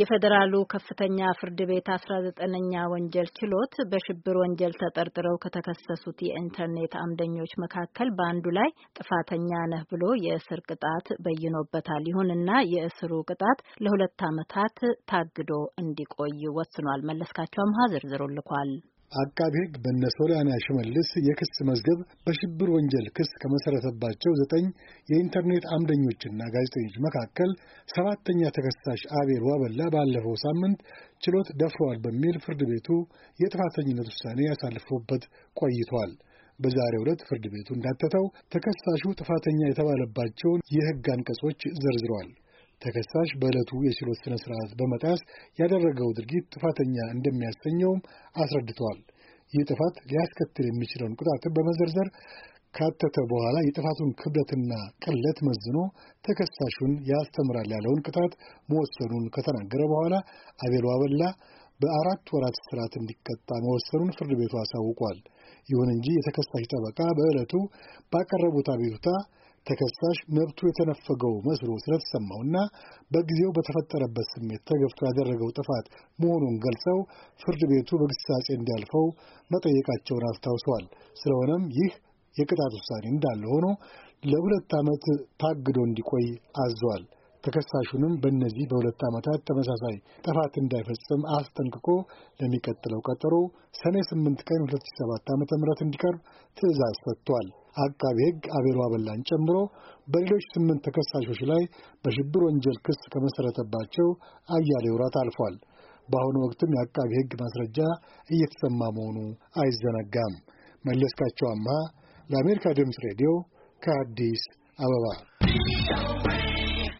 የፌዴራሉ ከፍተኛ ፍርድ ቤት 19ኛ ወንጀል ችሎት በሽብር ወንጀል ተጠርጥረው ከተከሰሱት የኢንተርኔት አምደኞች መካከል በአንዱ ላይ ጥፋተኛ ነህ ብሎ የእስር ቅጣት በይኖበታል። ይሁንና የእስሩ ቅጣት ለሁለት ዓመታት ታግዶ እንዲቆይ ወስኗል። መለስካቸው አምሃ ዝርዝሩ ልኳል። አቃቢ ሕግ በነ ሶሊያና ሽመልስ የክስ መዝገብ በሽብር ወንጀል ክስ ከመሠረተባቸው ዘጠኝ የኢንተርኔት አምደኞችና ጋዜጠኞች መካከል ሰባተኛ ተከሳሽ አቤል ዋበላ ባለፈው ሳምንት ችሎት ደፍረዋል በሚል ፍርድ ቤቱ የጥፋተኝነት ውሳኔ ያሳልፎበት ቆይቷል። በዛሬው ዕለት ፍርድ ቤቱ እንዳተተው ተከሳሹ ጥፋተኛ የተባለባቸውን የሕግ አንቀጾች ዘርዝሯል። ተከሳሽ በዕለቱ የችሎት ስነ ስርዓት በመጣስ ያደረገው ድርጊት ጥፋተኛ እንደሚያሰኘውም አስረድተዋል። ይህ ጥፋት ሊያስከትል የሚችለውን ቅጣትን በመዘርዘር ካተተ በኋላ የጥፋቱን ክብደትና ቅለት መዝኖ ተከሳሹን ያስተምራል ያለውን ቅጣት መወሰኑን ከተናገረ በኋላ አቤሎ አበላ በአራት ወራት ስርዓት እንዲቀጣ መወሰኑን ፍርድ ቤቱ አሳውቋል። ይሁን እንጂ የተከሳሽ ጠበቃ በዕለቱ ባቀረቡት አቤቱታ ተከሳሽ መብቱ የተነፈገው መስሎ ስለተሰማውና በጊዜው በተፈጠረበት ስሜት ተገፍቶ ያደረገው ጥፋት መሆኑን ገልጸው ፍርድ ቤቱ በግሳጼ እንዲያልፈው መጠየቃቸውን አስታውሰዋል። ስለሆነም ይህ የቅጣት ውሳኔ እንዳለ ሆኖ ለሁለት ዓመት ታግዶ እንዲቆይ አዟል። ተከሳሹንም በእነዚህ በሁለት ዓመታት ተመሳሳይ ጥፋት እንዳይፈጽም አስጠንቅቆ ለሚቀጥለው ቀጠሮ ሰኔ 8 ቀን 2007 ዓ ም እንዲቀርብ ትዕዛዝ ሰጥቷል። አቃቤ ሕግ አቤል አበላን ጨምሮ በሌሎች ስምንት ተከሳሾች ላይ በሽብር ወንጀል ክስ ከመሠረተባቸው አያሌ ውራት አልፏል። በአሁኑ ወቅትም የአቃቤ ሕግ ማስረጃ እየተሰማ መሆኑ አይዘነጋም። መለስካቸው አምሃ ለአሜሪካ ድምፅ ሬዲዮ ከአዲስ አበባ